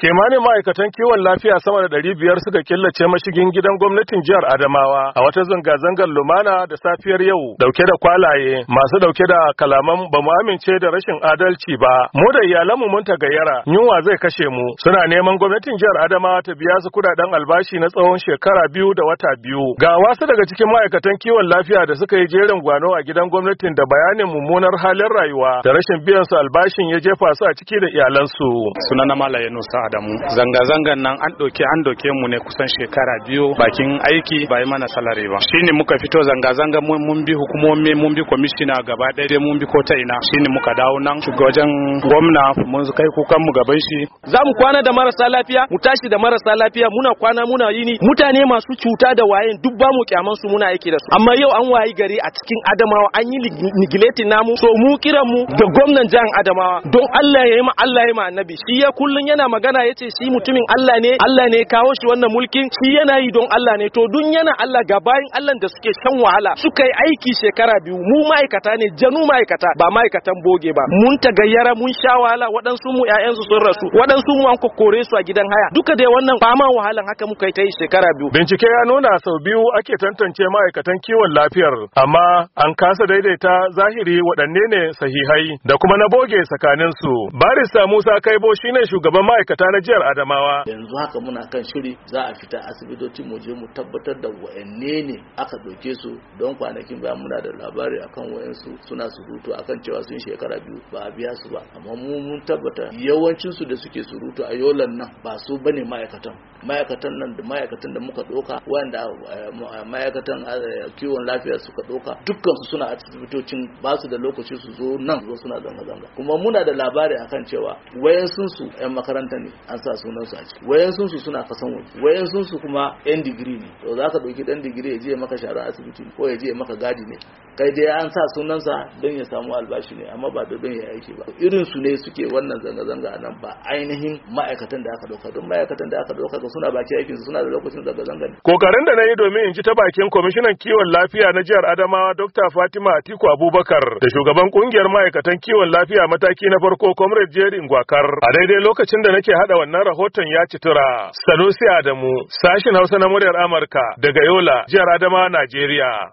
Kimanin ma'aikatan kiwon lafiya sama da ɗari biyar suka killace mashigin gidan gwamnatin jihar Adamawa a wata zanga-zangar lumana da safiyar yau dauke da kwalaye masu dauke da kalaman ba mu amince da rashin adalci ba. Mu da iyalanmu mun tagayyara yunwa zai kashe mu suna neman gwamnatin jihar Adamawa ta biya su kudaden albashi na tsawon shekara biyu da wata biyu. Ga wasu daga cikin ma'aikatan kiwon lafiya da suka yi jerin gwano a gidan gwamnatin da bayanin mummunar halin rayuwa da rashin biyan su albashin ya jefa su a ciki da iyalansu. Sunana Malaye Nusa da mu zanga-zangan nan an ɗauke an doke mu ne kusan shekara biyu bakin aiki ba yi mana salari ba shine muka fito zanga-zanga mun bi hukumomi mun bi kwamishina gaba ɗaya mun bi ko ta ina shine muka dawo nan wajen gwamna mun kai kukan mu gaban shi za mu kwana da marasa lafiya mu tashi da marasa lafiya muna kwana muna ni mutane masu cuta da wayen duk ba mu kyaman su muna aiki da su amma yau an wayi gari a cikin adamawa an yi nigilati namu so mu kiran mu da gwamnan jihar adamawa don Allah ya yi ma Allah ya yi ma annabi shi ya kullun yana magana Allah ya ce shi mutumin Allah ne Allah ne kawo shi wannan mulkin shi yana yi don Allah ne to dun yana Allah ga bayan Allah da suke shan wahala suka yi aiki shekara biyu mu ma'aikata ne janu ma'aikata ba ma'aikatan boge ba mun tagayyara mun sha wahala waɗansu mu su sun rasu waɗansu mu an kokore su a gidan haya duka dai wannan fama wahalan haka muka yi ta yi shekara biyu bincike ya nuna sau biyu ake tantance ma'aikatan kiwon lafiyar amma an kasa daidaita zahiri waɗanne ne sahihai da kuma na boge tsakanin su barista Musa Kaibo shine shugaban ma'aikata na Adamawa. Yanzu haka muna kan shiri za a fita asibitocin mu je mu tabbatar da wa'anne ne aka doke su don kwanakin Ba muna da labari akan wayansu suna surutu akan cewa sun shekara biyu ba a biya su ba amma mu mun tabbata yawancin su da suke surutu a yolan nan ba su bane ma'aikatan ma'aikatan nan da ma'aikatan da muka doka wanda eh, ma'aikatan eh, kiwon lafiya suka doka dukkan su suna asibitocin ba su da lokaci su zo nan zo suna zanga zanga kuma muna da labari akan cewa wayansu su yan makaranta ne an sa su a ciki wayan sun su suna kasan waje wayan sun su kuma yan digiri ne to za ka ɗauki ɗan digiri ya je maka shara asibiti ko ya je maka gadi ne kai dai an sa sunansa don ya samu albashi ne amma ba don ya aiki ba irin su ne suke wannan zanga-zanga nan ba ainihin ma'aikatan da aka ɗauka don ma'aikatan da aka ɗauka suna baki aikin su suna da lokacin zanga-zanga ne. kokarin da na yi domin in ji ta bakin kwamishinan kiwon lafiya na jihar adamawa dr fatima atiku abubakar da shugaban kungiyar ma'aikatan kiwon lafiya mataki na farko comrade jerry gwakar a daidai lokacin da nake hada Da wannan rahoton ya citura. Sanusi Adamu, sashin Hausa na muryar Amurka daga Yola, jihar Adama, Najeriya.